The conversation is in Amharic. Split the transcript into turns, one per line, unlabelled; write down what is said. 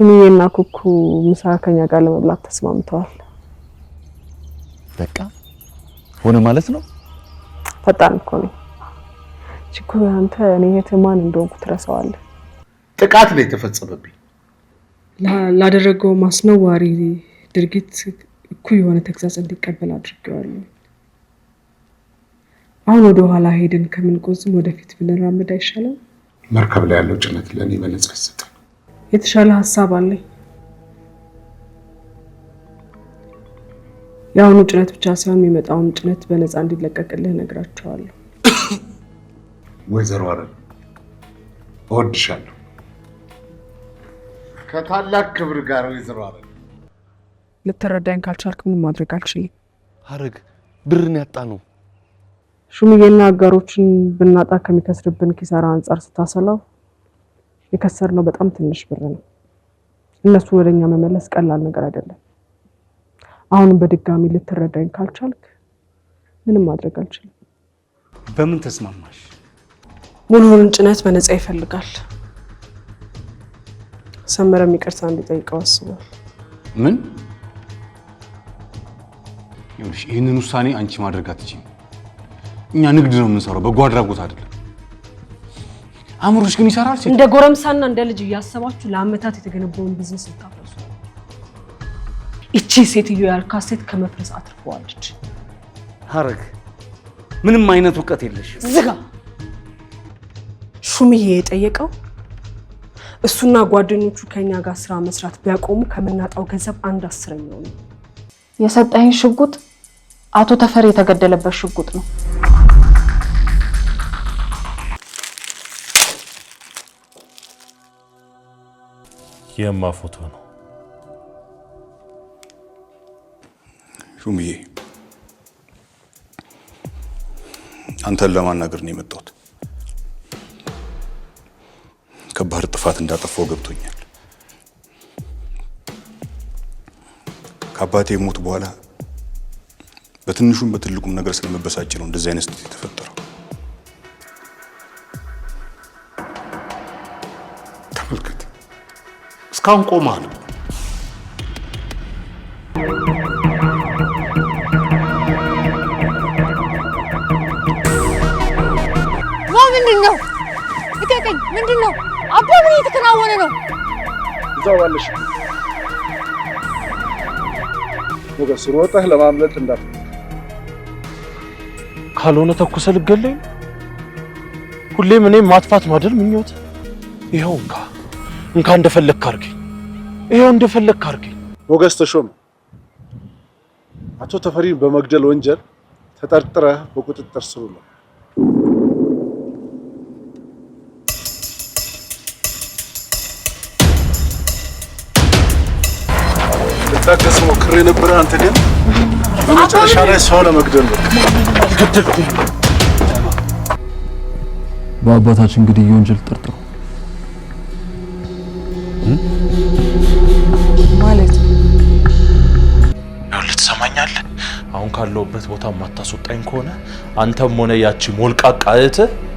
ሹምዬና ኩኩ ምሳ ከኛ ጋር ለመብላት ተስማምተዋል።
በቃ ሆነ ማለት ነው።
ፈጣን እኮ ነው ችኩ። አንተ እኔ እህትህ ማን እንደሆንኩ ትረሳዋለህ።
ጥቃት ነው የተፈጸመብኝ።
ላደረገው ማስነዋሪ ድርጊት እኩ የሆነ ተግዛጽ እንዲቀበል አድርገዋል። አሁን ወደ ኋላ ሄደን ከምንቆዝም ወደፊት ብንራመድ አይሻለም?
መርከብ ላይ ያለው ጭነት ለእኔ መነጽር ይሰጣል።
የተሻለ ሀሳብ አለኝ። የአሁኑ ጭነት ብቻ ሳይሆን የሚመጣውን ጭነት በነፃ እንዲለቀቅልህ ነግራቸዋለሁ።
ወይዘሮ አረን እወድሻለሁ።
ከታላቅ ክብር ጋር ወይዘሮ አረን።
ልትረዳኝ ካልቻልክ ምንም ማድረግ አልችልም።
ሀረግ ብርን ያጣ ነው።
ሹምዬና አጋሮችን ብናጣ ከሚከስርብን ኪሳራ አንጻር ስታሰላው የከሰርነው በጣም ትንሽ ብር ነው። እነሱ ወደ እኛ መመለስ ቀላል ነገር አይደለም። አሁንም በድጋሚ ልትረዳኝ ካልቻልክ ምንም ማድረግ አልችልም።
በምን ተስማማሽ?
ሙሉውን ጭነት በነፃ ይፈልጋል። ሰመረም ይቅርታ እንዲጠይቀው አስቧል።
ምን? ይህንን ውሳኔ አንቺ ማድረግ አትችይም። እኛ ንግድ ነው የምንሰራው፣ በጎ አድራጎት አይደለም። አእምሮሽ ግን ይሰራል።
እንደ ጎረምሳና እንደ ልጅ እያሰባችሁ ለአመታት የተገነባውን ቢዝነስ ልታፈርሱ። እቺ ሴትዮ ያልካት ሴት ከመፍረስ አትርፈዋለች።
ሀረግ ምንም አይነት እውቀት የለሽ።
ዝጋ። ሹምዬ የጠየቀው እሱና ጓደኞቹ ከኛ ጋር ስራ መስራት ቢያቆሙ ከምናጣው ገንዘብ አንድ አስረኛው ነው። የሰጠኝ ሽጉጥ አቶ ተፈሪ የተገደለበት ሽጉጥ ነው።
የማ ፎቶ ነው?
ሹምዬ አንተን ለማናገር ነው የመጣሁት። ከባድ ጥፋት እንዳጠፋው ገብቶኛል። ከአባቴ ሞት በኋላ በትንሹም በትልቁም ነገር ስለመበሳጭ ነው እንደዚህ አይነት ስህተት የተፈጠረው። ተመልከት። እስካሁን ቆመሃል።
ምንድን ነው ልቀቀኝ! ምንድን ነው አባ፣ ምን እየተከናወነ ነው?
እዛው ባለሽ ሞገስ፣ ሮጠህ ለማምለጥ
ካልሆነ ተኩሰ ልገለኝ። ሁሌም እኔም ማጥፋት ማደል ምኞት። ይኸው እንካ እንካ፣ እንደፈለግክ አድርገኝ። ይሄው እንደፈለግክ አድርገኝ።
ሞገስ ተሾመ አቶ ተፈሪን በመግደል ወንጀል ተጠርጥረህ በቁጥጥር ስር ነው። ልታገስ ሞክሬ ነበር። አንተ ግን በመጨረሻ ላይ ሰው ለመግደል ነው።
በአባታችን እንግዲህ የወንጀል ተጠርጥሮ አሁን ካለበት ቦታ ማታስወጣኝ ከሆነ አንተም ሆነ ያቺ ሞልቃቃ እህትህ